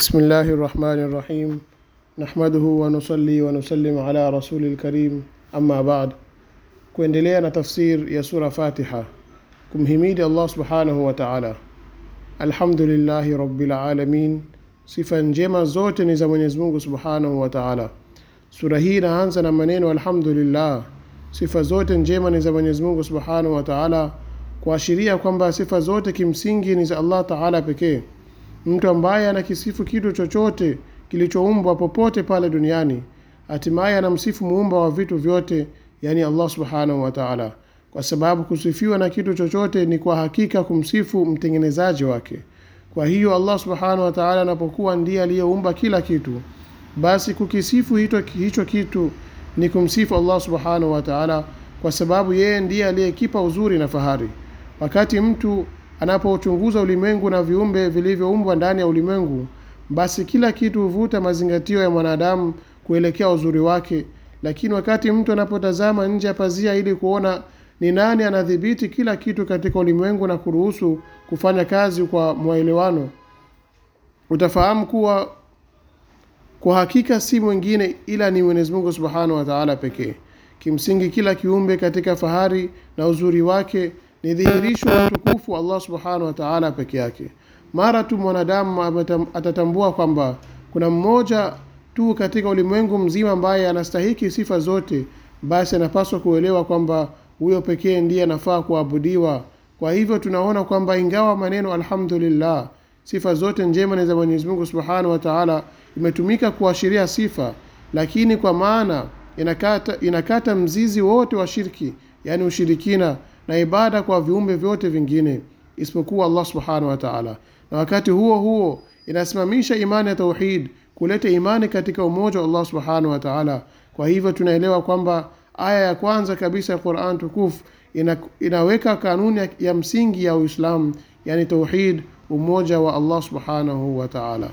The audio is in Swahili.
بسم الله الرحمن الرحيم نحمده ونصلي ونسلم على رسول الكريم أما بعد kuendelea na tafsir ya sura fatiha kumhimidi allah subhanahu wa taala alhamdulillahi rabilalamin sifa njema zote ni za mwenyezimungu subhanahu wa taala sura hii inaanza na maneno alhamdulillah sifa zote njema ni za mwenyezimungu subhanahu wa kuashiria kwamba sifa zote kimsingi ni za allah taala pekee Mtu ambaye anakisifu kitu chochote kilichoumbwa popote pale duniani, hatimaye anamsifu muumba wa vitu vyote, yani Allah subhanahu wa taala, kwa sababu kusifiwa na kitu chochote ni kwa hakika kumsifu mtengenezaji wake. Kwa hiyo Allah subhanahu wa taala anapokuwa ndiye aliyeumba kila kitu, basi kukisifu hito, hicho kitu ni kumsifu Allah subhanahu wa taala, kwa sababu yeye ndiye aliyekipa uzuri na fahari. Wakati mtu anapochunguza ulimwengu na viumbe vilivyoumbwa ndani ya ulimwengu, basi kila kitu huvuta mazingatio ya mwanadamu kuelekea uzuri wake. Lakini wakati mtu anapotazama nje ya pazia ili kuona ni nani anadhibiti kila kitu katika ulimwengu na kuruhusu kufanya kazi kwa mwaelewano utafahamu kuwa kwa hakika si mwingine ila ni Mwenyezi Mungu Subhanahu wa Ta'ala pekee. Kimsingi, kila kiumbe katika fahari na uzuri wake ni dhihirisho la utukufu Allah subhanahu wa ta'ala peke yake mara tu mwanadamu atatambua kwamba kuna mmoja tu katika ulimwengu mzima ambaye anastahiki sifa zote basi anapaswa kuelewa kwamba huyo pekee ndiye anafaa kuabudiwa kwa hivyo tunaona kwamba ingawa maneno alhamdulillah sifa zote njema ni za Mwenyezi Mungu Subhanahu wa Ta'ala imetumika kuashiria sifa lakini kwa maana inakata inakata mzizi wote wa shirki yani ushirikina na ibada kwa viumbe vyote vingine isipokuwa Allah subhanahu wa ta'ala, na wakati huo huo inasimamisha imani ya tauhid, kuleta imani katika umoja wa Allah subhanahu wa ta'ala. Kwa hivyo tunaelewa kwamba aya ya kwanza kabisa ya Qur'an tukufu ina, inaweka kanuni ya msingi ya Uislamu, yani tauhid, umoja wa Allah subhanahu wa ta'ala.